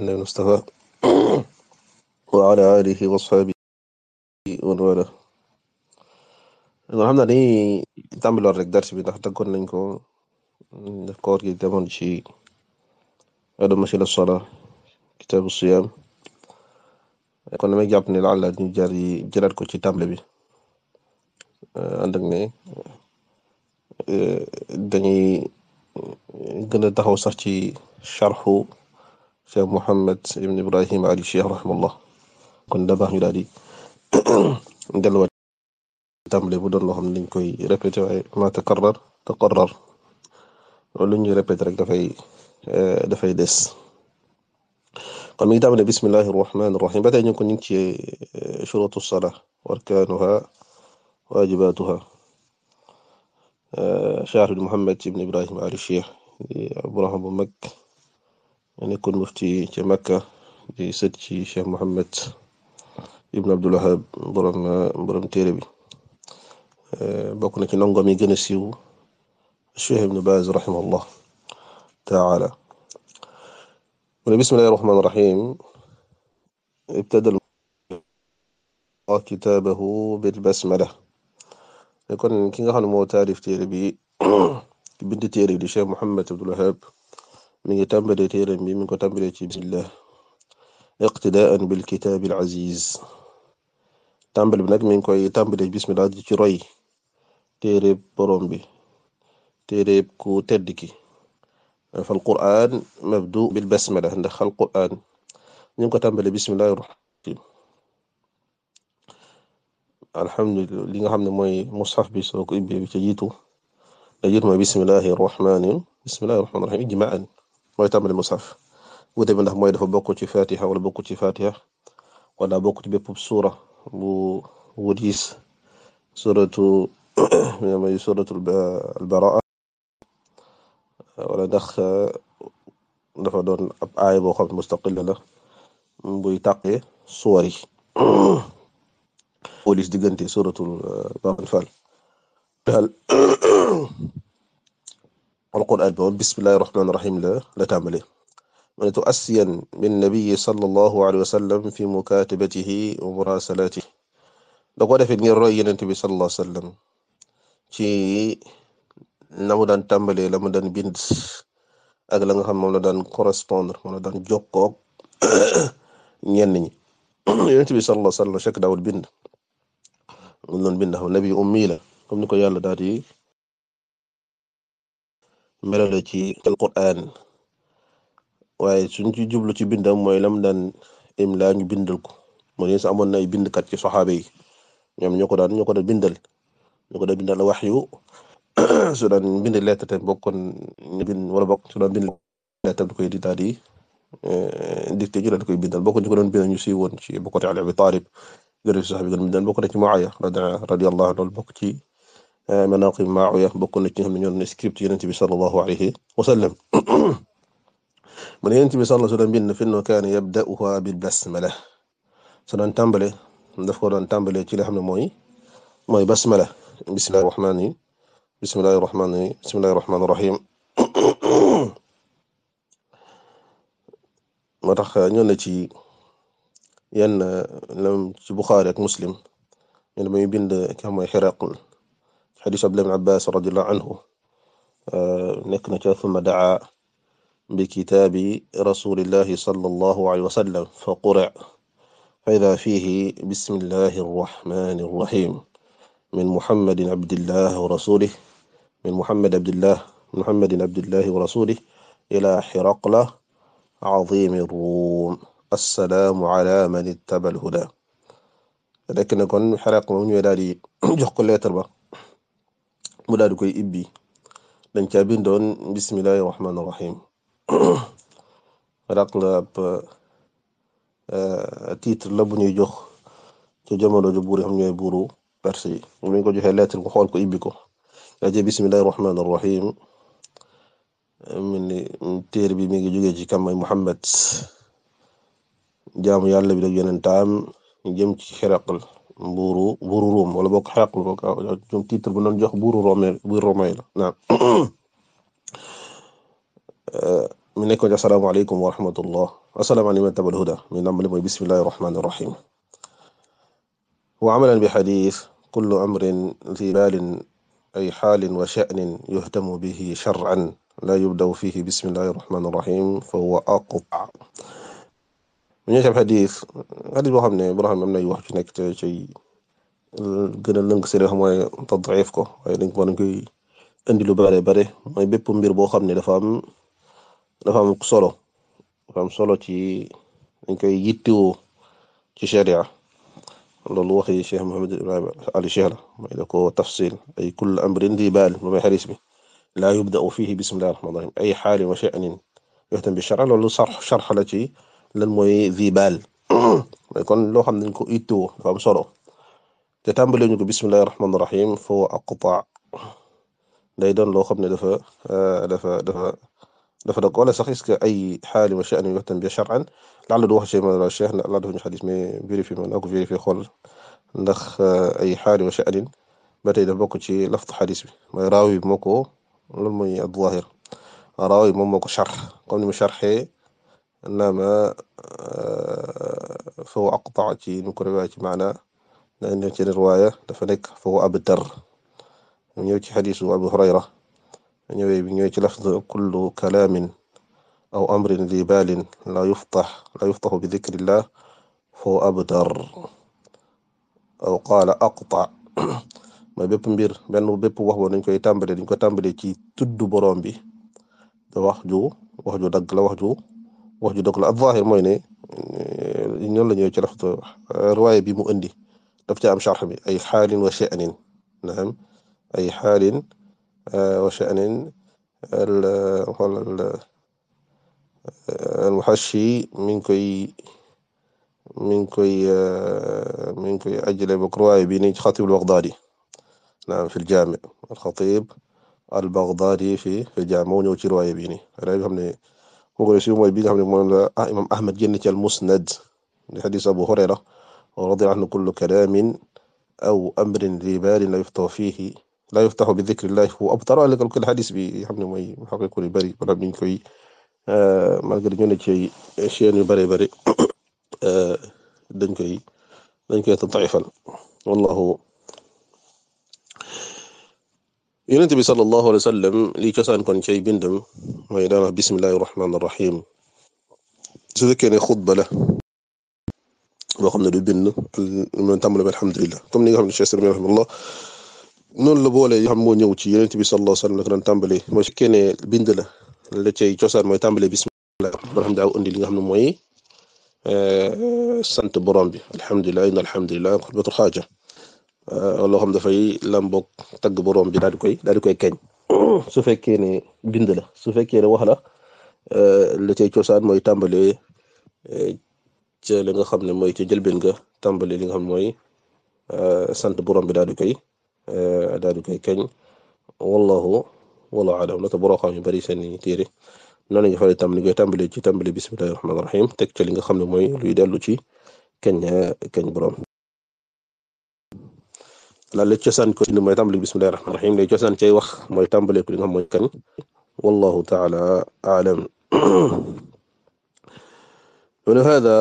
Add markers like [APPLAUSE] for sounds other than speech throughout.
أن المصطفى وعلى آله وصحبه rek dars bi ndax tàggoon nañ ko def koor gi demoon ci Aadab Masaa'il as-Salaah kitaabu siyaam kon damay jàpp ne laala ñu jaar yi jëlaat ko ci tàmbali bi ànd ne dañuy gën a taxaw sax ci sharxu cheikh Mouhamed ibn Ibrahim Ali cheikh rahimahullah kon da baax ñu daal di [COUGHS] delluwaat tàmbale bu doon loo xam ne dañ koy répété waaye ma takarrar takarrar loolu ñuy répété rek dafay eh, dafay des kon mi ngi tàmbale bismillahi rahmani rahim ba tey ñu ko ñu ngi ci eh, shurutu sala warkaanuha waajibatuha eh, cheikh Muhammad ibn Ibrahim Ali cheikh Ibrahim bu mag nekkoon mufti ca Makka di sët ci Cheikh Mohammed ibn Abdul Wahab borom borom téere bi eh, bokk na ci ndongoom yi gën a siiw Cheikh Ibn Baz rahimahullah taala mu ne bismillahi rahmaani rahim ibtadal kitaabahu bil basmala kon ki nga xam ne moo taarif téere bi [CLEARS THROAT] bind téere bi di Cheikh Mohammed Abdul Wahab mi ngi tàmbale téeram bi mi ngi ko tàmbale ci bismillah iqtidaan bil kitaabil aziz tàmbale bi nag mi ngi koy tàmbale bismillah di ci roy téereb borom bi téereb ku tedd ki fa alquran mabdu bil basmala ndax alquran ñu ngi ko tàmbale bismillahi rahim alhamdulilah li nga xam ne mooy mushaf bi soo ko ubbee bi ca jiitu da jiitu mooy bismillahi rahmaani bismillahi rahmaani rahim ijmaan mooy tàmbali mushaf wute bi ndax mooy dafa bokk ci fatiha wala bokk ci fatiha wala bokk ci bépp suura bu wudis suratu [COUGHS] mooy suratu albaraa wala ndax euh, dafa doon ab aay boo xam ne mustaqil la buy tàqee suwar yi wudis [COUGHS] diggante suratul euh, Baaqil Faal daal [COUGHS] alquraan ba moom bismillahi rahmaani rahiim la la tàmbale mu ne tu'assiyan min nabiyi sallallahu alayhi wa sallam fi mukatabatihi wa murasalaatihi da ko defee ngir roy yenent bi sallallahu alayhi wa sallam ci na mu daan tàmbalee la mu daan bind ak la nga xam moom la dan correspondre moom la daan jokkoog [COUGHS] ñenn ñi [COUGHS] yenent bi sallallahu alayhi bind mu doon bind xam nabi ummi la comme melo la ci alquran waaye suñ ci jublu ci bindam mooy lam daan imla ñu bindal ko moo ne amoon na ay bindkat ci saxaaba yi ñoom ñoo ko daan ñoo ko daan bindal ñoo ko daan bindal waxyu [CLEARS THROAT] su daan bind lettre te bokkoon ñu bind wala bokk su daan bind du koy di di eh, dicté ñu daal koy bindal bokk ñu ko doon bindal ñu siiwoon ci bokk ci Ali Abi Talib gërëm si sax bi gën bindal bokk na ci Muawiya radiyallahu anhu bokk ci Eh, manaqib Maawiya bokk na ci nga xam ne ñoo doon script Yonent bi sallallahu alayhi wa sallam [COUGHS] mu ne Yonent bi sallallahu alayhi wa sallam bind fi no kaana yabda'uha tàmbale daf doon tàmbale ci li xam ne mooy mooy basmala bismillahi rahmaani bismillahi rahmaani bismillahi rahmaani rahim [COUGHS] moo tax eh, ñoo na ci yenn eh, lam ci Buxaari ak Muslim ñu ne muy bind ki xam mooy Xiraql xadiis Abdullah ibn Abbas radiyallahu anhu uh, nekk na ca thumma daa bi kitaabi rasulillahi sallallahu alayhi wa sallam fa quri fa idaa fiihi bismillahi arrahmani arrahim min muhammadin abdillahi wa rasulih min muhammad abdillah muhammadin abdillahi wa rasulih ila xiraqla azimi ruum assalaamu ala man ittaba alhuda nekk na kon xiraq moom ñooy daal di [CLEARS THROAT] jox ko leetar ba mu daal di koy ibbi dañ caa bindoon bismillahi rahmaani rahim [CLEARS THROAT] raq la ab euh, titre la bu ñuy jox ci jamono ju buur yi xam ñooy Perse yi mu ñu ko joxee lettre bu xool ko ibbi ko yaa jee bismillahi rahmaani rahim mu ni téer bi mi ngi jógee ci kam ay Muhammad jaamu yàlla bi dag yonentaam jëm ci Hiraql buuru buuru Rome wala boog xeex ñoom titre bu doon jox buuru Rome buuru Rome la naam [COUGHS] mi nekkoon asalaamaaleykum wa rahmatullah asalaamaaleykum wa tabal huda mi nambale mooy bismillahi rahmaani rahim wa amalan bi xadis kullu amrin zi baalin ay xaalin wa sha'nin yuhtamu bihi shar'an laa yubdaw fihi bismillahi rahmaani rahim fa huwa aqta bu ñu def xadis xadis boo xam ne Ibrahim am nay wax ci nekk te ci gën a lënk si xam mooy tadif ko waaye dañ ko mën koy indi lu bare bare mooy bépp mbir boo xam ne dafa am dafa am solo dafa am solo ci dañ koy yittewoo ci sharia loolu waxi Cheikh Mohamed Ibrahim Ali Cheikh la mooy da ko tafsil ay kull amrin di baal ba may xadis bi laa yubda'u fihi bismillahi rahmaani rahim ay xaali wa sha'nin yoxtam bi shara loolu sarx sarx la ci lan mooy vie baal [CLEARS THROAT] mooy kon loo xam ne dañ ko ittoo dafa am solo te tàmbale ñu ko bismillahi rahmaani rahim foo aqta day doon loo xam ne dafa euh, dafa dafa dafa dëgg wala sax est-ce que ay xaalis ma sha'ni waxtaan bi shar'an laal la du wax Cheikh Maodo Cheikh la dafa ñu xadis mais vérifié ma naa ko vérifié xool ndax euh, ay xaalis ma sha'ni ba tey dafa bokk ci laftu xadis bi mooy raawi bi moo ko loolu mooy ad-zaahir raawi moom moo ko sharx comme ni mu sharxee. innama fa huwa aqta ci ñu ko riwaaya maana na ñëw ci dafa nekk fa huwa abtar ñëw ci xadiisu abu hurayra ñëwee bi ñëw ci lafz kullu kalaamin aw amrin li baalin la yuftax la yuftaxu bi fa huwa abtar aw qaala aqta mooy bépp mbir benn bépp wax boo dañ koy tàmbale dañ ko tàmbale ci tudd boroom bi da wax ju dagg la wax ju wax ju dëgg la ab zahir mooy ne eh, ñoom la ñëw ci raxtu eh, riwaaya bi mu indi daf ca am sharx bi ay xaalin wa sha'nin naam ay xaalin eh, wa sha'nin al xoolal al muhashi mi ngi koy mi ngi koy mi ngi koy ajale bokk riwaaya bi ni ci xatib al baghdadi naam fi al jaami al xatib al baghdadi fi fi al jaami moo ñëw ci riwaaya bi ni xam ne kooku de siiw mooy bi nga xam ne moom la ah imaam Ahmad génn ci al-Musnad di xadis Abu Hurayra radiyallahu anhu kullu kalaamin aw amrin li baalin la yuftahu fiihi la yuftahu bi dhikrillahi huwa abtar wala kal xadis bi nga xam ne mooy xaqiiqu yu bëri wala ñu koy euh, malgré ñu ne ci chaîne yu bëree bëri [COUGHS] euh, dañ koy dañ koy tadaifal wallahu yonent bi sallallahu alayhi wa sallam li cosaan kon cay bindam mooy daan wax bismillahi rahmaani rahim su fekkee ne xutba la boo xam ne du bind mu tàmbali bi alhamdulilah comme ni nga xam ne Cheikh Sërmi rahimahullah noonu la boole yoo xam moo ñëw ci yonent bi sallallahu alayhi wa sallam la ko daan tàmbali mooy su fekkee ne bind la la cay cosaan mooy tàmbali bismillah man xam daaw indi li nga xam ne mooy eh, sant borom bi alhamdulilah inna alhamdulilah xutbatul xaaja Euh, loo xam dafay lambok tagg boroom bi daal di koy daadi koy keñ [CLEARS THROAT] su fekkee ne bind la su fekkee ne waxla la euh, la cosaan mooy tàmbale euh, ca li nga xam ne mooy ca jëlbeen ga tàmbale li nga xam mooy sant boroom bi daal di koy daal di koy keñ wallahu wallahu alam la te boroo xam yu bari seen téere noonu ñu fay tàmbali koy tàmbale ci tàmbale bismillahi rahmaani rahim teg ca li nga xam ne mooy luy dellu ci keñ keñ boroom la la cosaan ko ci mooy tàmbali bismillahi rahmaani rahiim lay cosaan cay wax mooy tàmbale ko li mooy kañ wallahu taala aalam من هذا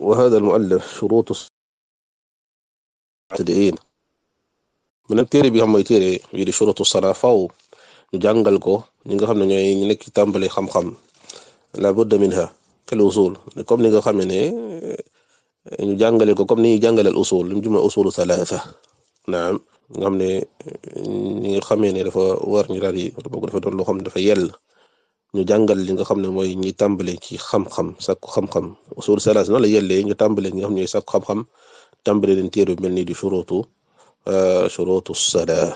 وهذا المؤلف شروط الصلاة من téere bi xam mooy téere yi di shurutu faw jàngal ko ñi nga xam ne ñooy ñu nekk tàmbali xam-xam la budda minha kal usul comme ni nga xam ne ñu jàngale ko comme ni ñuy jàngaleel usul li mu naam nga xam ne ñi nga xamee ne dafa war ñu daal di boog dafa doon loo xam ne dafa yell ñu jàngal li nga xam ne mooy ñi tàmbale ci xam-xam sakku xam-xam usul salaas noonu la yellee ñu tàmbale ñi nga xam ne ñooy sakku xam-xam tàmbale leen téere mel ni di shurutu euh, shurutu salaa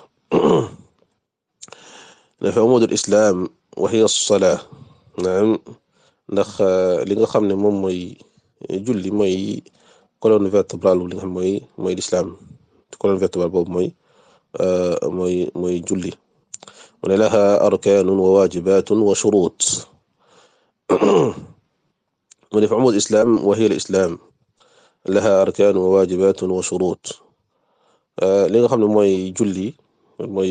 [COUGHS] dafa umudul islam wa hiya salaa naam ndax euh, li nga xam ne moom mooy julli mooy colonne vertébrale li nga xam mooy mooy l'islam colonne vertébrale boobu mooy euh, mooy mooy julli mu ne laha arkaanun wa waajibaatun wa shuruut [CLEARS THROAT] mu ne fi umud islam wa hiya al islam laha arkaanun wa waajibaatun wa shuruut euh, li nga xam ne mooy julli mooy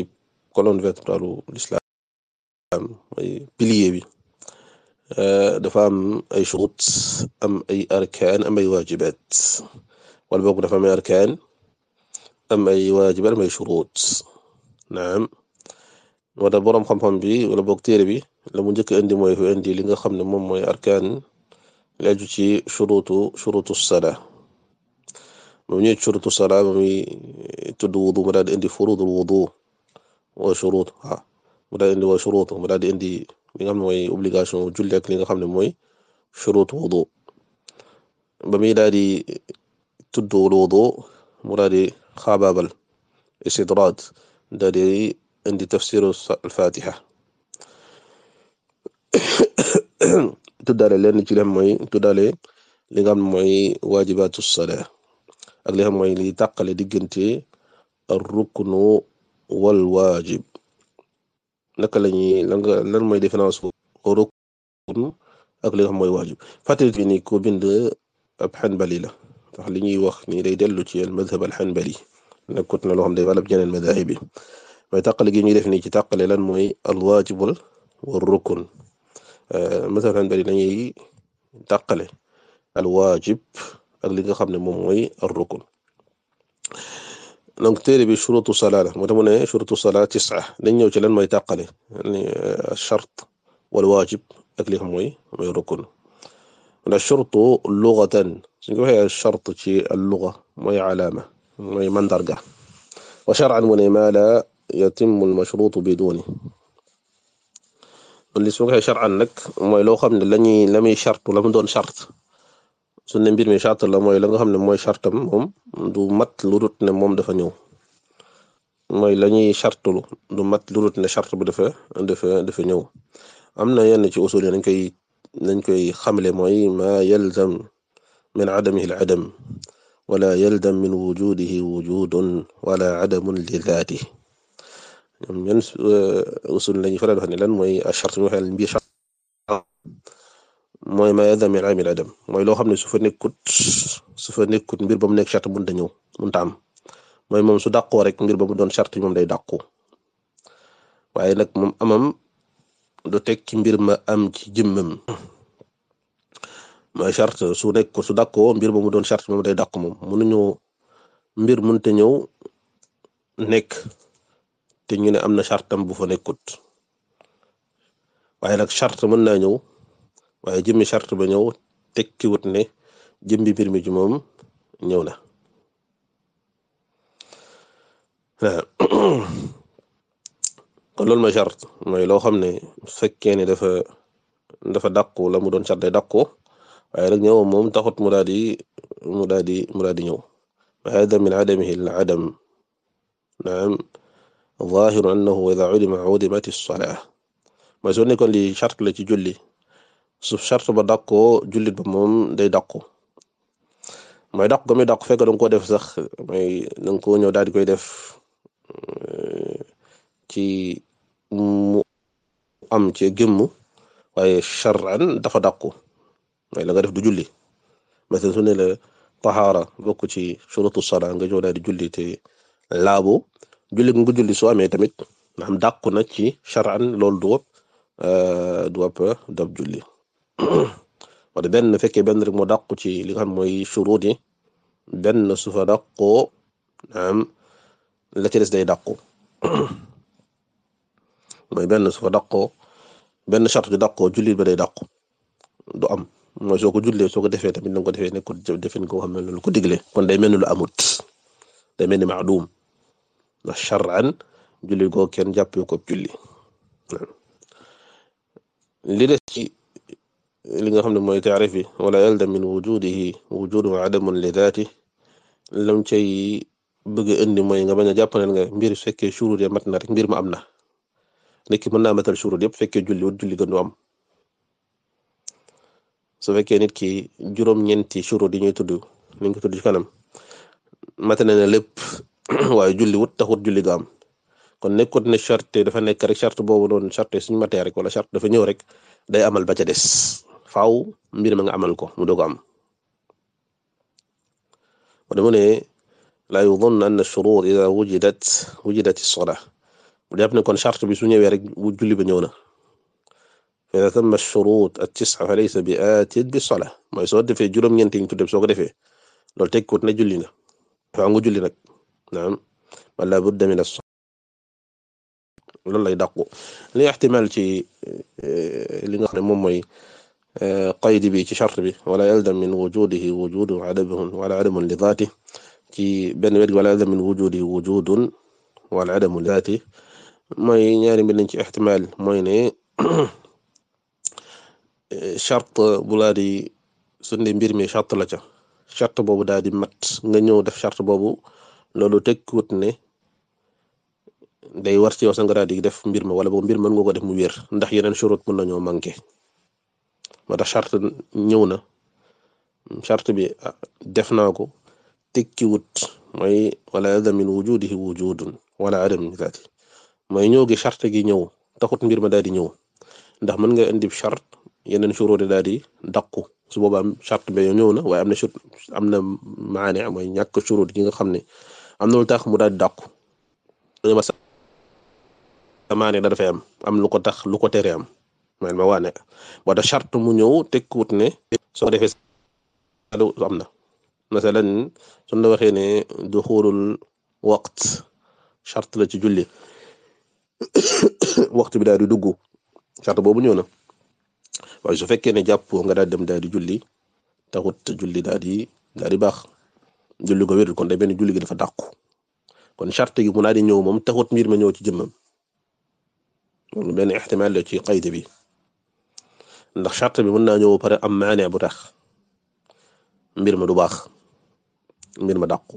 colonne vertébrale u l'islam mooy pilier bi euh, dafa am ay shuruut am ay arkaan am ay waajibaat wala boog dafa am ay arkaan am ay waajibaat am ay shuruut naam moo tax boroom xam-xam bi wala boog téere bi la mu njëkk indi mooy fi indi li nga xam ne moom mooy arkaan la aju ci shuruutu shuruutu salaa moom ñëw shuruutu salaa ba muy tudd wudu mu daal di indi furudul wudu wa shuruut ah mu daal di indi wa shuruut mu daal di indi li nga xam ne mooy obligation julli ak li nga xam ne mooy shuruut wudu ba muy daal di tudd wudu mu daal di xaabaabal istidraaj daal di indi tafsiru alfatiha tuddaale lenn ci leen mooy tuddaale li nga xam mooy waajibaatu salaa ak li nga xam mooy li tàqale diggante ruknu wal waajib naka la ñuy lan nga lan mooy différence rukn ak li nga xam mooy waajib fàttali ni ko bind ab xanbali la ndax li ñuy wax nii day dellu ci al madhab al hanbali nekkut na loo xam day walab jeneen madahib yi mooy tàqale gi ñuy def nii ci tàqale lan mooy al waajibul wa rukun euh, madhab al hanbali dañuy tàqale al waajib ak li nga xam ne moom mooy al rukun donc téere bi shurutu salaa la moo tax mu ne shurutu salaa tisa dañ ñëw ci lan mooy tàqale chart euh, wal waajib ak li xam mooy rukun la churtu lugatan suñ ko waxee chart ci alluga mooy calaama mooy mandarga wa sharcan mu ne maa laa yatimu almashruutu biduuni li su ko sharcan nag mooy loo xam ne lañuy la muy chart la mu doon chart su ne mbir mi chart la mooy la nga xam ne mooy chartam moom du mat lu dut ne moom dafa ñëw mooy la ñuy chartlu du mat lu dut ne chart bi dafa dafa dafa ñëw am na yenn ci usul yi dañ koy lañ koy xamle mooy ma yalzam min adamihi al adam wala yalzam min wujudihi wujudun wala adamun li zaatihi ñoom ñun euh, usul lañu faral wax ne lan mooy acharte ñu waxee mbir charte mooy ma yalzam min adamihi al adam mooy loo xam ne su fa nekkut su fa mbir ba mu nekk charte mënut a ñëw mënut a mooy moom su dàqoo rek mbir ba mu doon charte moom day dàqu waaye nag moom amam. du tekki mbir ma am ci jëmmam mooy charte su nekk su dàkkoo mbir ba mu doon charte moom day dàkk moom mun mënuñoo mbir mënta ñëw nekk te ñu ne am na chartam bu fa nekkut waaye nag charte mën naa ñëw waaye jëmmi charte ba ñëw tekkiwut ne jëmbi mbir mi ci moom ñëw na [CLEARS THROAT] kon loolu mooy chart mooy loo xam ne fekkee ne dafa dafa dàqu la mu doon chart day dàqu waaye nag ñëw moom taxut mu daal di mu daal di mu daal di ñëw hada min adamihi al adam naam zahiru annahu ida ulima udimat as-salah mooy soo nekkoon li chart la ci julli su chart ba dàqoo jullit ba moom day dàqu mooy dàqu ga muy dàqu fekk danga ko def sax mooy danga ko ñëw daal di koy def euh, ci mu am ci gémm waaye charan dafa dàqu mooy la nga def du julli masalan su ne la tahaara bokk ci shurutu sala nga jow di julli te laabo julli nga julli soo amee tamit nga xam dàqu na ci charan loolu du wopp euh, du wopp dab julli [COUGHS] wala benn fekkee benn rek ci li nga xam mooy shurut yi benn su fa naam la ci des day dàqu [COUGHS] mooy benn su ko dàqoo benn charte di dàqoo jullit ba day dàqu du am mooy soo ko jullee soo ko defee tamit na ko defee nekkul defin ko xam ne loolu ko digle kon day mel ni lu amut day mel ni maadum ndax charan julli goo kenn jàppee ko julli li des ci li nga xam ne mooy taarif bi wala yalda min wujudihi wujudu wa adamun li daati lam cay bëgg indi mooy nga bañ a jàpp ne nga mbir su fekkee shuruut ya mat na rek mbir ma am na nekk ki mën naa matal shurut yëpp fekkee julli wut julli gën du am su fekkee nit ki juróom-ñeenti shurut yi ñuy tudd ni ñu ko tudd ci kanam mate na ne lépp [CLEARS THROAT] waaye julli wut taxut julli ga am kon nekkut ne charte dafa nekk rek charte boobu noonu charte suñu matee rek wala charte dafa ñëw rek day amal ba ca des faaw mbir ma nga amal ko mu doog am wa dama ne laa yudunna anna shurut ida wujidat wujidat as-salah mu def na kon charte bi su ñëwee rek bu julli ba ñëw na fa iza tamma ash-shurut at-tis'a fa laysa bi atin bi mooy soo defee juróom-ñeent yi ñu tuddee soo ko defee loolu tekkiwut na julli na faa julli nag naam wala budda min as loolu lay dàqu li ixtimal ci eh, li nga xam ne moom mooy eh, qayd bi ci charte bi wala yalzam min wujudihi wujudun wala adamun li daatihi ci benn wet wala yalzam min wujudihi wujudun wala adamun li daatihi mooy ñaari mbir lañ ci ixtimaal mooy ne chart [CLEARS THROAT] bu laa di mbir mi chart la ca chart boobu daal di mat nga ñëw def chart boobu loolu tekkiwut ne day war ci yow sa nga daal def mbir ma wala boobu mbir mën nga ko def mu wér ndax yeneen shurut mën nañoo manqué moo tax chart ñëw na chart bi ah, def naa ko tekkiwut mooy wala adam min wujudihi wujudun wala adam min zaati mooy ñëw gi charte gi ñëw taxut mbir ma daal di ñëw ndax mën nga indi charte yeneen shuruut daal di dàqu su boobaa charte ba ñëw na waaye am na shur am na maane mooy ñàkk shuruut gi nga xam ne am na lu tax mu daal di dàqu maane da dafay am am lu ko tax lu ko tere am man ma waane boo tax mu ñëw tekkiwut ne soo defee am na masalan suñ la waxee ne duxulul waqt charte la ci julli [COUGHS] waxtu bi daal di dugg charte boobu ñëw na waaye su fekkee ne jàppoo nga daal dem daal di julli taxut julli daal di daal baax julli ko wérul kon day benn julli gi dafa dàqu kon charte gi mu daal di ñëw moom taxut mbir ma ñëw ci jëmmam loolu benn ixtimaal ci qayd bi ndax charte bi mën naa ñëw pare am maane bu tax mbir ma du baax mbir ma dàqu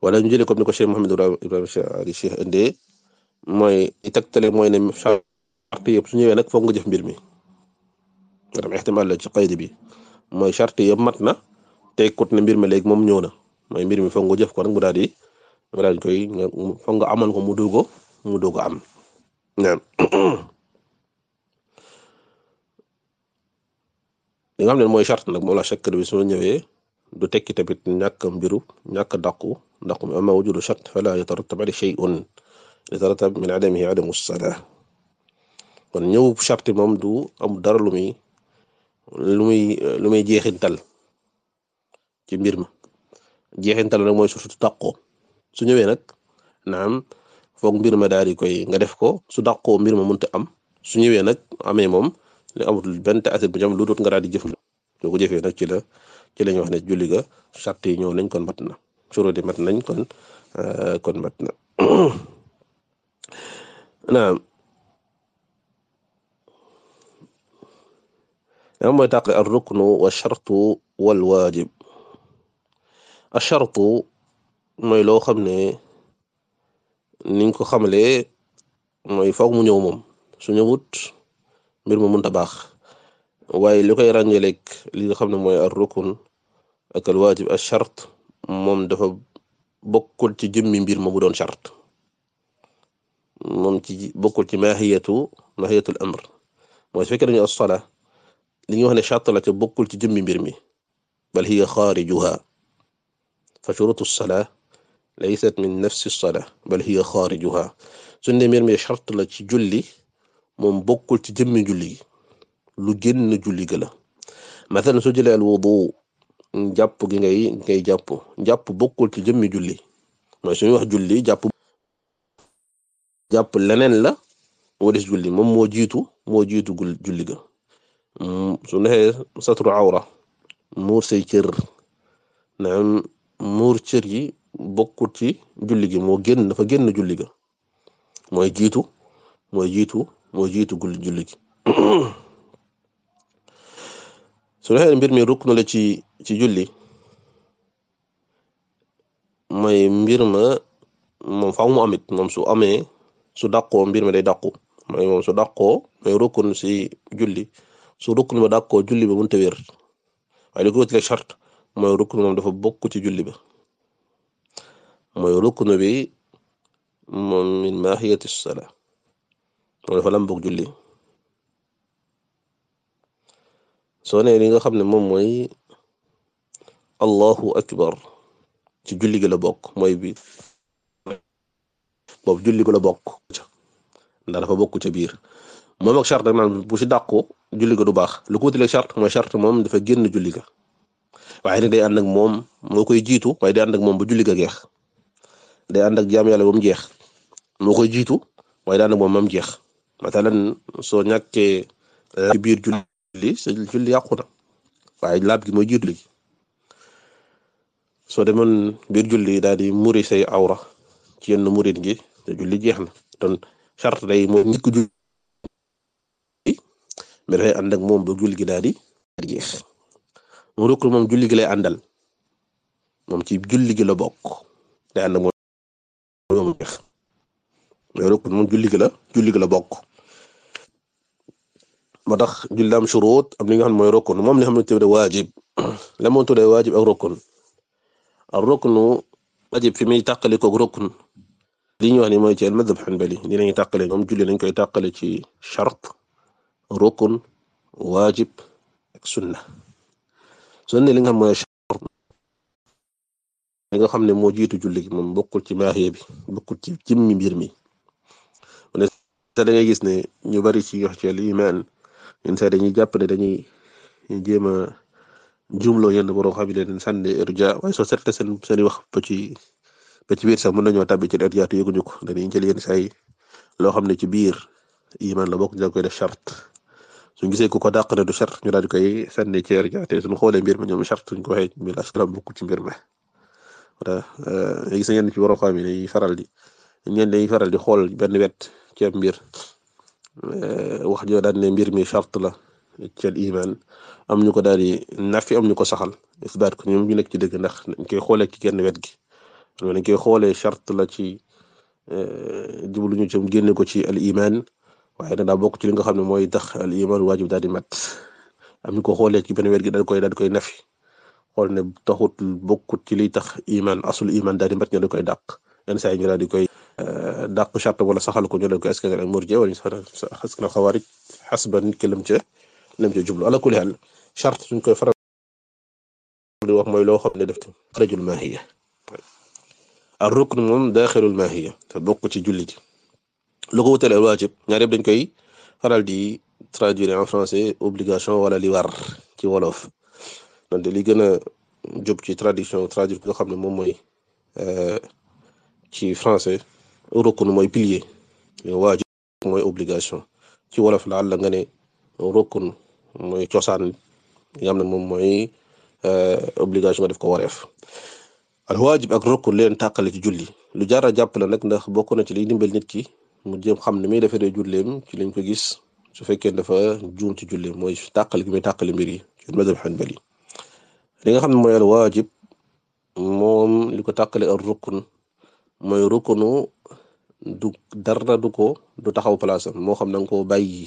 wala ñu ko Cheikh Mouhamed Ibrahima Cheikh indee mooy li tegtale mooy ne charte yëpp su ñëwee nag foog nga jëf mbir mi maanaam ixtimaal la bi mooy charte yëpp mat na tekkut ne mbir mi léegi moom ñëw na mooy mbir mi foog nga jëf ko nag mu daal di koy nga amoon ko mu doogo mu doogo am xam ne mooy charte nag moom la chaque bi soo ñëwee du tekki tamit ñàkk mbiru ñàkk dàqu dàqu mi amma wujudu charte fala yatarattab alayhi shay'un li taratab min adamihi adamu sadaa kon ñëw charte moom du am dara lu muy lu muy lu muy jeexintal ci mbir ma jeexintal nag mooy su taqoo su ñëwee nag naam foog mbir ma daal di koy nga def ko su daqoo mbir ma mënta am su ñëwee nag amee moom li amatul benn taasir bu ñu am lu doot nga daal di jëf la soo ko jëfee nag ci la ci la ñu wax ne julli ga charte yi ñëw nañ kon mat na suróo di mat nañ kon euh, kon mat na [CLEARS THROAT] naam lan mooy tàqi al ruknu wa shartu wal waajib a shartu mooy loo xam ne niñ ko xamlee mooy foog mu ñëw moom su ñëwut mbir ma mënta baax waaye li koy ràññaleeg li nga xam ne mooy ar rukun ak al waajib a shart moom dafa bokkul ci jëmmi mbir ma bu doon shart moom ci bokkul ci mahiyatu mahiyatul amr mooy su fekkee dañu as-salaa li ñuy wax ne charte la te bokkul ci jëmmi mbir mi bal hiya xaarijuha fa shurutu as-salaa laysat min nafsi as-salaa bal hiya xaarijuha suñ la ci julli moom bokkul ci jëmmi julli lu génn julli ga la mathalan soo jëlee al-wudu jàpp gi ngay ngay jàpp jàpp bokkul ci jëmmi julli mooy suñuy wax julli jàpp jàpp leneen la moo julli moom moo jiitu moo jiitu julli ga mm, su nexee satru awra muur say cër naam muur cër bokkut ci julli gi moo génn dafa génn julli ga mooy jiitu mooy jiitu mooy jiitu gul julli gi [COUGHS] su nexee mbir mi rukn la ci ci julli mooy mbir ma moom faaw amit moom su amee su dàqoo mbir mi day dàqu mooy moom su dàqoo mooy rukun si julli su rukun ba dàqoo julli ba mënta wér waaye li ko wutale charte mooy rukun moom dafa bokk ci julli ba mooy rukun bi moom min mahiyati salaa moom dafa lam julli soo nee li xam ne moom mooy allahu akbar ci julli gi la bokk mooy bi boobu julli ko la bokk ca ndax dafa bokk ca biir moom ak charte naan bu julli ko du baax lu ko wutalee mooy charte moom dafa génn julli ga waaye nag day ànd ak moom moo koy jiitu waaye day ànd moom ba julli ga jeex day ànd yàlla ba mu jeex moo koy jiitu waaye moom ba jeex matalan soo ñàkkee euh, ci biir julli sa julli yàqu na waaye laab gi mooy jiitu gi soo demoon biir daal di muri say awra ci yenn murit gi te julli jeex na kon charte day moom nit ku julli mais dafay ànd moom ba julli gi daal moom rukn moom julli gi lay àndal moom ci julli gi la bokk day ànd moom la julli la bokk moo tax julli daam shuruut am li nga xam mooy rukn moom li nga xam ne tamit waajib [CLEARS THROAT] la moo tuddee waajib ak rukn ak rukn waajib fi muy tàqalikoog rukn li ñu wax ni mooy ci al madhab hanbali ni ñu tàqale ñoom julli nañ koy tàqale ci chart rukun waajib ak sunna sunna li nga xam ne moo jiitu julli gi moom bokkul ci maaxee bi bokkul ci jëmmi mbir mi mu ne gis ne ñu bari ci yox ci al iman ñun sax dañuy jàpp ne dañuy jéem a jumloo yenn borom xam ne leen sànni irja waaye soo seetlee seen seen wax ba ci ba ci biir sax mën nañoo tabbi ci det yaatu yëguñu ko dañuy jël yenn saa yi loo xam ne ci biir iman la bokk ñu koy def charte suñ gisee ko ko dàq ne du charte ñu daal di koy sànni ci der jaate xoolee mbir mi ñoom charte suñ ko waxee mbir askan bokk ci mbir mi euh, ci borom xam yi dañuy faral di ñeen dañuy faral di xool benn wet ci mbir euh, wax joo daan ne mbir mi charte la ci iman am ñu ko daal di nafi am ñu ko saxal isbaat ko ñoom ñu nekk ci dëgg ndax dañ koy xoolee ci genn wet gi. loolu lañ koy xoolee charte la ci euh, jublu ñu ci génne ko ci al iman waaye nag daa bokk ci li nga xam ne mooy tax al iman waajib daal di mat am ñu ko xoolee ci benn weer gi daal koy daal di koy nafi xool ne taxut bokkut ci liy tax iman asul iman daal di mat ñu daal di koy dàq yenn saa yi ñu daal di koy euh, dàq charte wala saxal ko ñu daal di koy askan al murji'a wala askan al xawaarij xasba nit ki lam ca lam ca jublu ala kulli haal charte suñ koy faral di wax mooy loo xam ne def xarajul maahiya ar rukn moom daaxilul maahiya te bokk ci julli ji lu ko wutale waajib ñaar yëpp dañ koy faral di traduire en français obligation wala li war ci wolof donte li gën a jub ci tradition traduire ko xam ne moom mooy euh, ci français rukn mooy pilier waajib mooy obligation ci wolof la àlla nga ne rukn mooy cosaan nga xam ne moom mooy euh, obligation nga def ko wareef al waajib ak rukun leen tàqale ci julli lu jar a jàpp la nag ndax bokk na ci liy dimbal nit ki mu jéem xam ni muy defaree julleem ci lañ ko gis su fekkee dafa juum ci julleem mooy tàqale gi muy tàqale mbir yi ci madhab hanbali li nga xam ne mooy al waajib moom li ko tàqale ak rukun mooy rukunu du dara du ko du taxaw place moo xam na nga koo bàyyi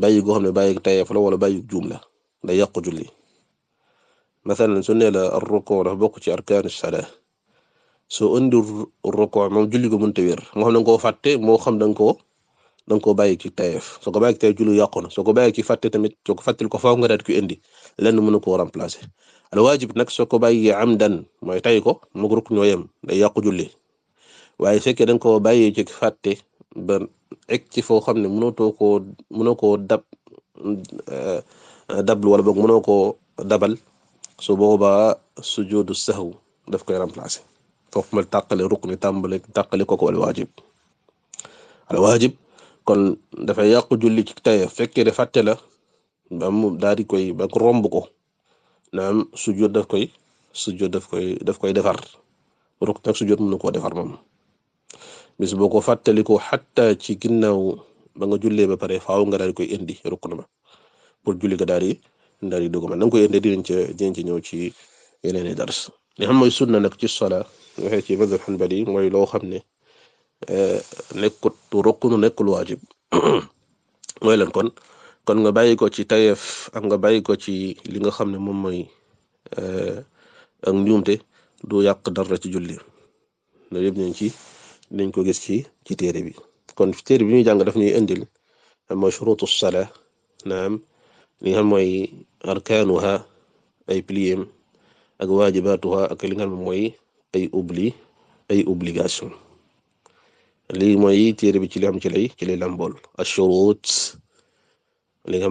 bàyyi goo xam ne bàyyi tayeef la wala bàyyi juum la day yàqu julli mathalan su ne la bokk ci arkaanu salaa soo indi rukkoo moom julli ko mënta wér moo xam da nga koo fàtte moo xam da nga koo da nga bàyyi ci tayeef soo ko bàyyi ci tayeef julli soo ko bàyyi ci fàtte tamit soo ko fàttil ko faaw nga daat ko indi lenn mënu koo remplacer al waajib nag soo ko am amdan mooy tay ko mu rukk ñoo yem day yàqu julli waaye fekkee da ko koo bàyyi ci fàtte ba ek ci foo xam ne mënatoo koo mënoo koo dab dablu wala boog mënoo koo dabal su boobaa sujudu sahw daf koy remplacer foofu mooy tàqale rukn tàmbale tàqale kooku al waajib al waajib kon dafay yàqu julli ci tey fekkee ne fàtte la ba mu daal di koy ba romb ko naam sujud daf koy sujud daf koy daf koy defar rukn ak sujud mënu koo defar moom bis boo ko fàttaliku xatta ci ginnaaw ba nga jullee ba pare faaw nga daal di koy indi rukn ba pour julli nga daal ndar yi dugg man da nga koy indi dinañ ca dinañ ca ñëw ci yeneen i dars li xam sunna nag ci sola waxee ci mazhab hanbali mooy loo xam ne eh, nekkut rukkunu nekkul waajib [COUGHS] mooy lan kon kon nga bàyyi ko ci tayeef ak nga bàyyi ko ci li nga xam ne moom mooy eh, ak njuumte du yàq dara ci julli loolu yëpp nañ ci nañ ko gis ci ci téere bi kon téere bi ñuy jàng daf ñuy indil mooy shurutu sala naam li nga xam mooy arkaanuha ak waajibaatuha ak li nga obligation lii mooy téere bi ci li xam ci lay ci lay lambool li nga [CLEARS THROAT]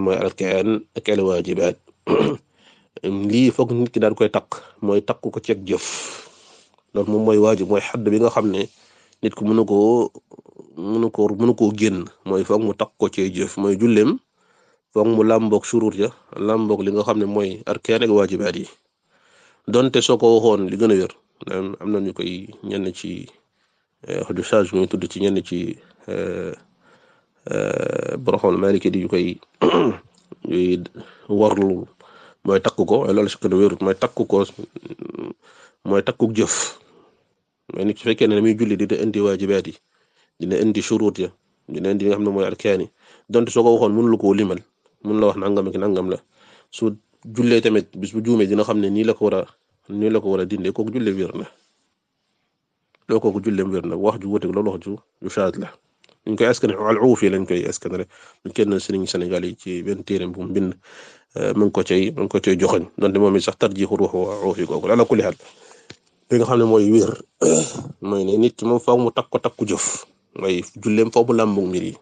nit ki daan koy takk mooy takk ko ci ak jëf loolu moom mooy waajib mooy bi nga xam ne nit ku mënu koo mënu koo mënu koo génn mooy foog mu takk ko ci jëf mooy jullem foog mu làmboog surur ya làmboog li nga xam ne mooy arkaan ak waajibaat yi donte soo ko waxoon li gën a wér am na ñu koy ñenn ci xudusage eh, muy tudd ci ñenn ci eh, eh, boroxoon maliki di [COUGHS] ko loolu si gën takku ko mooy takku jëf mooy nit su fekkee ne na muy julli dina indi waajibaat yi dina indi shurut ya dina indi li nga xam ne mooy arkaan yi donte soo ko limal mun la wax nangam ak nangam la su jullee tamit bis bu juumee dina xam ne nii la ko war a nii la ko war a dindee kooku na loo kooku julleem wér na wax ju wuteeg loolu wax ju ju shaad la ñu koy askan al uuf yi lañ koy askan rek ñu kenn sëriñ Sénégal yi ci benn téereem bu mu bind euh, mu ngi ko cay mu ngi ko cay joxoñ donte moom it sax tarjiixu ruuxu uuf yi kooku ala kulli xaal li nga xam ne mooy wér mooy ne nit ki moom faaw mu takko takku jëf mooy julleem faaw mu làmbu mbir yi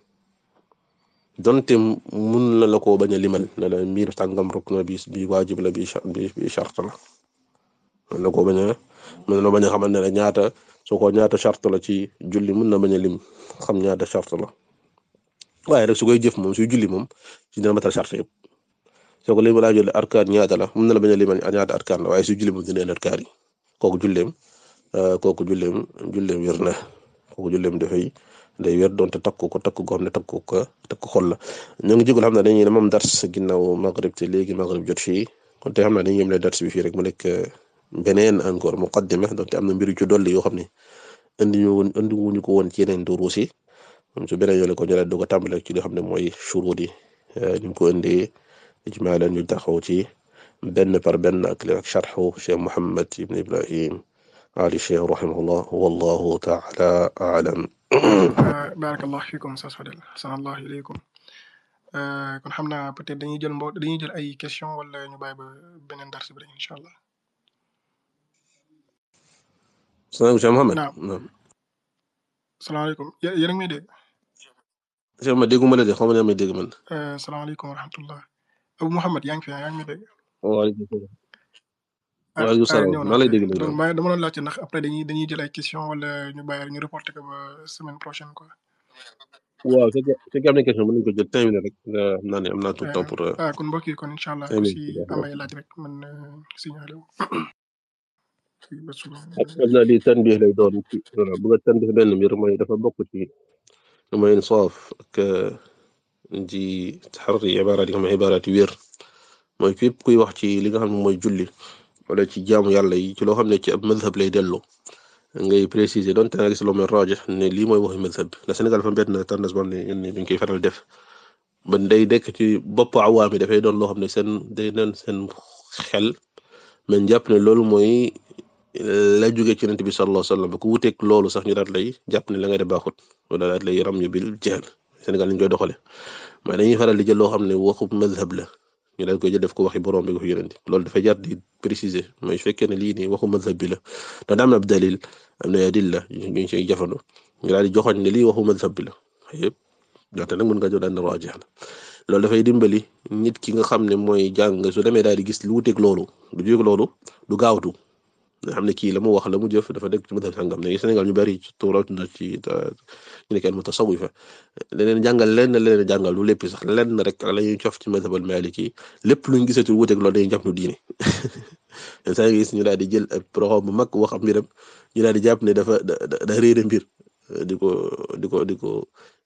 donte mun na la koo bañ a limal ne la mbir tàngam rukk na bi bi waajib la bi bi charte la mën na koo bañ a mën na bañ a xamal ne ñaata soo ko ñaata charte la ci julli mun na bañ lim xam ñaata charte la waaye rek su koy jëf moom suy julli moom ci dina matal charte yëpp soo ko lim laa julli arkaan ñaata la mun na la bañ a limal ñaata arkaan waaye suy julli moom dina leen arkaan kooku julleem euh, kooku julleem julleem wér na kooku julleem dafay. day wér donte takku ko takku goo xam ne takku ko takku xol la ñoo ngi jégul xam naa dañuy ne moom dars ginnaaw maghrib te léegi maghrib jot fii kon te xam naa dañuy yemle dars bi fii rek mu nekk euh, beneen encore muqaddima donte am na mbir yu ci dolli yoo xam ne indi ñu woon indi ko woon ci yeneen duruus yi moom su beneen yoon ko jëlaat doog a tàmbale ci li xam ne mooy shuruut yi ni mu ko indee ijmaalan ñu taxaw ci benn par benn ak li ak sharxu Cheikh Mouhamed Ibn Ibrahim ali cheikh rahimahullah wallahu taala alam [COUGHS] barakallahu fikum sa sodel asanallahu aleykum kon xam naa peut-être dañuy jël mbo dañuy jël ay question wala ñu bàyyi ba beneen darsi bi rek incha allah salaamaaleykum Cheikh Mouhamed naam salaamaaleykum yéen a ngi may dégg Cheikh ma déggu ma la de xaw ma ne may dégg man euh, salaamaaleykum wa rahmatullah Abou Mouhamed yaa ngi fi yaa ngi may dégg waaleykum salaam waaw Aliou salaam maa lay dégg dama doon laajte ndax après dañuy dañuy jël ay question wala ñu bàyyi ñu reporté ko ba semaine prochaine quoi. waaw su fekkee am na question mën nañu ko jël cinq minutes rek nga xam naa am naa tout temps ah, pour. Euh, ah kon mbokk kon incha allah si am ay laaj rek man euh, signalé wu. [COUGHS] xam naa di tan bi lay doon bu nga tan bi bokk ci mooy ak ji euh, taxarri ibaaraat yi mooy képp kuy wax ci li nga xam ne mooy julli. wala ci jaamu yàlla yi ci loo xam ne ci ab madhab lay dellu ngay préciser donte naa gis lu mel raajix ne lii mooy waxi madhab la Sénégal fa mbett na tendance boo xam ne ñun ñu ba day dekk ci bopp awaam yi dafay doon loo xam ne seen day naan seen xel man jàpp ne loolu mooy euh, la jóge ci yonent bi sallallahu alayhi wasallam ba ku wuteeg loolu sax ñu daat lay jàpp ne la nga def baaxut wala daat lay ram yu bil jeexal Sénégal ñu koy doxale mais dañuy faral di jël loo xam ne waxu madhab la ñu daal koy jël def ko waxi borom bi ko yonent loolu dafa jar di préciser mooy su fekkee ne lii nii waxu madhab bi la te daa am ab dalil am na adilla ñu ngi ciy jafandu ñu daal di joxoon ne lii waxu madhab bi la yëpp donte nag mën nga jox daal ne raajih la loolu dafay dimbali nit ki nga xam ne mooy jàng su demee daal di gis lu wuteeg loolu du jóg loolu du gaawtu am xam ne kii la mu wax la mu jëf dafa nekk ci madhab sangam léegi Sénégal ñu bari ci tuuraat na ci euh, ñu nekk al mutasawwifa leneen jàngal lenn leneen jàngal lu lépp sax lenn rek la ñuy cof ci madhabal maliki lépp luñ gisatu wuuteeg loolu dañuy jàpp nu diine [LAUGHS] saa gis ñu daal di jël programme bu mag wax am mbiram ñu daal di jàpp ne dafa da da réere mbir di ko di ko di ko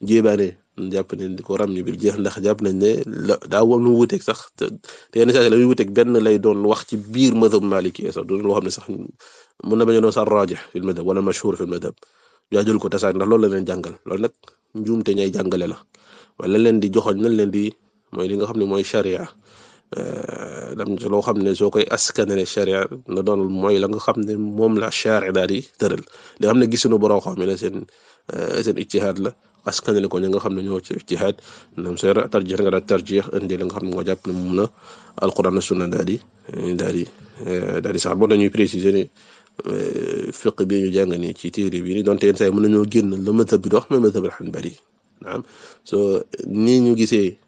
jéebaane jàpp ne di ko ram ñu biir jeex ndax jàpp nañ ne la daa wam lu wuuteeg sax te yenn saa yi la benn lay doon wax ci biir madhab maliki sax doon loo xam ne sax mën na bañ a doon sax rajih fil madhab wala mashhur fil madhab yaa jël ko tasaare ndax loolu la leen jàngal loolu nag njuumte ñay jàngale la wala leen di joxoñ nañ leen di mooy li nga xam ne mooy sharia lam euh, loo xam ne soo koy askanale charia na doon mooy la nga xam ne moom la charia daal di tëral li nga xam ne gisuñu borom xam la seen euh, seen ijtihaad la askanale ko ñi nga xam ne ñoo ci ijtihaad nam seer tarjix nga daal tarjix indi la nga xam ne moo jàpp ne moom la alquran na sunna daal di euh, daal di daal di sax bon dañuy préciser ne fiq bi ñu jàng nii ci téere bi ni donte yenn saa yi mën nañoo génn la mazhab bi dox mooy mazhab al hanbali naam so ni ñu gisee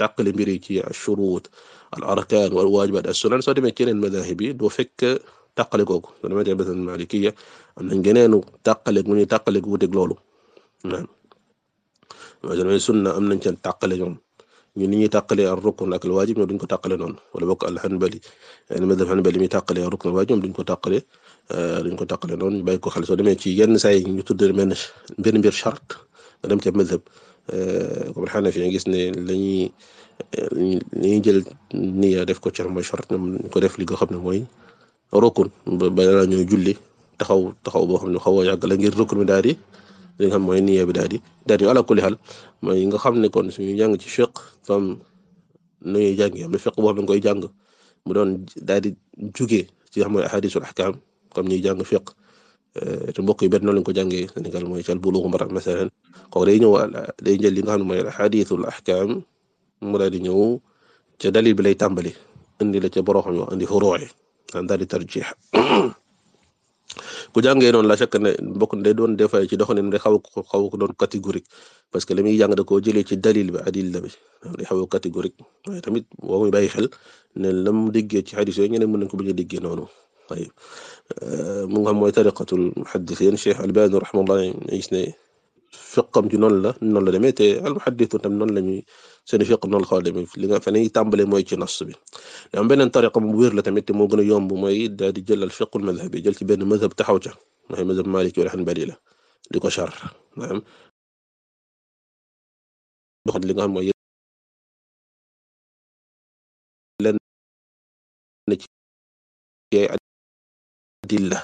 tàqale mbir yi ci churut al arkaan wal waajibaat as sunan soo demee ci yeneen madahib yi doo fekk tàqale googu soo demee ci mazhab malikiya am na geneenu tàqale gu ñuy tàqale gu wuteeg loolu waaw sunna am nañ seen tàqale ñoom ñu ni ñuy tàqale ar rukn ak al waajib ñoom duñ ko tàqale noonu wala bokk al hanbali al madhab hanbali mi tàqale ar rukn al waajib ñoom duñ ko tàqale duñ ko tàqale noonu ñu bàyyi ko xel soo demee ci yenn saa yi ñu tudd benn mbir charte nga dem ca mazhab Euh, comme xanafi yi gis ne lañuy euh, lañuy jël niya def ko ci mooy chart ñu ko def li nga xam ne mooy rukun ba balaa ñoo julli taxaw taxaw boo xam ne xaw a yàgg la ngir rukun bi daal di li nga xam mooy niya bi daal di daal di ala kulli xal mooy nga xam ne kon suñu jàng ci fiq fam nuñuy jàng yam na fiq boo xam ne koy jàng mu doon daal di jugee ci xam mooy ahadisul ahkam comme ñuy jàng fiq Eh, te mbokk yi benn noonu lañ ko jàngee Sénégal mooy cal bulugu marat masalan kooku day ñëw day jël li nga xam ne mooy xadiisul ahkaam mu daal di ñëw ca dalil bi lay tàmbali indi la ca boroo xam wax indi furooy an daal di tarjix [COUGHS] ku jàngee noonu la fekk ne mbokk day doon des fois ci doxalin day xaw ko xaw ko doon catégorique parce que li muy jàng da koo jëlee ci dalil bi adilla bi day xaw a tamit boo muy bàyyi xel ne lam déggee ci xadis yooyu ñeneen mën nañ ko bañ a déggee noonu mu nga xam mooy tariqatul muhaddisiin Cheikh Albani rahimahullah gis ne fiqam ci noonu la noonu la demee te almuhadditun tam noonu la ñuy seen fiq noonu la xaw a demee li nga fa ne tàmbale mooy ci nas bi am beneen tariqa bu wér la tamit te moo gën a yomb mooy daal di jël al fiqul madhab yi jël ci benn madhab taxaw ca mooy madhab maliki wala hanbali la di ko char maanaam doxat li nga xam mooy lenn ci dilla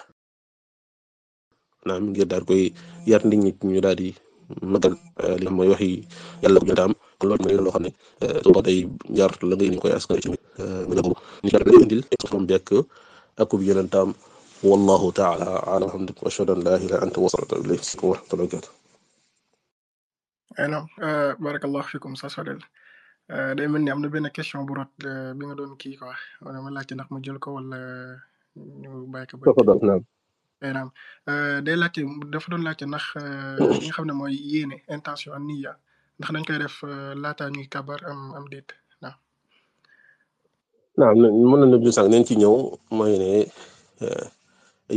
naam ngir daal koy yar nit ñi ñu daal di magal eh, li nga xam mooy waxi yàlla ko jontaam kon loolu mooy loo xam ne eh, su boobaa day jar la nga indi koy askan ci nga ko ni ka day indil xam bekk akub yonentaam wallahu taala alam hamdik wa ashhadu eh, barakallahu fikum sa sodel day mel ni am na benn question bu rot doon kii quoi wala ma laajte ndax ma ko wala ñu bàyyi ko ba. naam eh, eh, day laajte dafa doon laajte ndax eh, [COUGHS] li nga xam ne mooy yéene intention ak niya ndax dañ koy def laataa ñuy am am déet naam. naam mën nañu lu ci ñëw mooy ne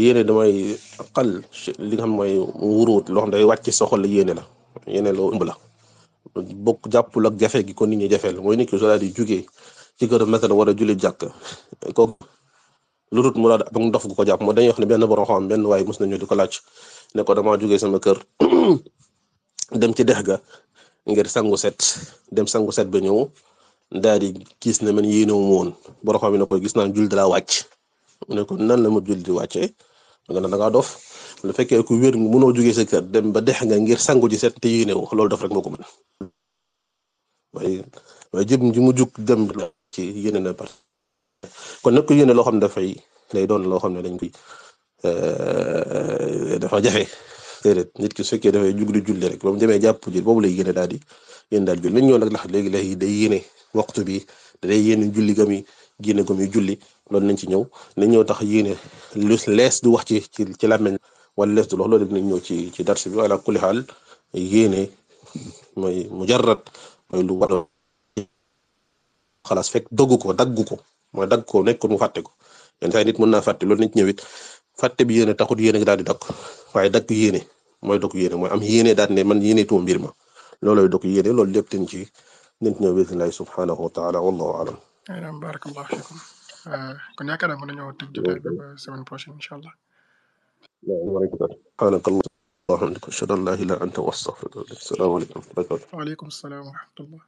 yéene damay li nga mooy wuruut loo xam day wàcc soxal yéene la yéene loo ëmb la bokk jàppul ak jafe gi ko nit ñi jafeel mooy nit ki soo daal di jugee ci kër message war a julli jàkk kooku. lu dul muraad mu ndof gu ko jàpp moo dañuy wax ne benn borom xam benn waaye mos nañu di ko laaj ne ko damaa jógee sama kër [CLEARS THROAT] dem ci dex ga ngir sangu set dem sangu set ba ñëw daal di ne man yéene wu ma woon borom xam ne ko gis naa julli ne ko nan la ma julli di wàccee nga ne da ngaa lu fekkee ku wér mënoo jógee sa kër dem ba dex nga ngir sangu ji set te yéene wu loolu daf rek moo ko mën waaye waaye jëm ji mu jug dem ci yéene na parce kon nag ku yéene loo xam ne dafay lay doon loo xam ne dañ koy euh, dafa jafe nit ki su fekkee dafay juglu julli rek ba mu demee jàpp jul boobu lay yéene daal di yéen daal julli lañ ñëw nag ndax léegi day yéene waxtu bi day yéene julli gam yi génne gam yi loolu nañ ci ñëw nañ ñëw tax yéene lees du wax ci ci ci làmmeñ wala lees du lox loolu dinañ ñëw ci ci dars bi wala kulli xaal yéene mooy mujarrad mooy lu xalaas fekk dogg ko dagg ko mooy dagg ko nekkul mu fàtte ko yenn saa nit mën naa fàtte loolu nit ñëw it fàtte daal di dog waaye dagg yéene mooy dok yéene mooy am yéene daal ne man yéene tuuma mbir ma loolooy dog yéene loolu lépp dañ ci nit ñëw bi lay subhanahu wa taala wallahu alam alam barakallahu fikum euh, kon yaakaar naa mën nañoo tëj jotaay ba semaine prochaine incha allah subhanakallahumma wa bihamdika ashhadu an la ilaha illa anta astaghfiruka wa atubu ilayk assalamu alaykum wa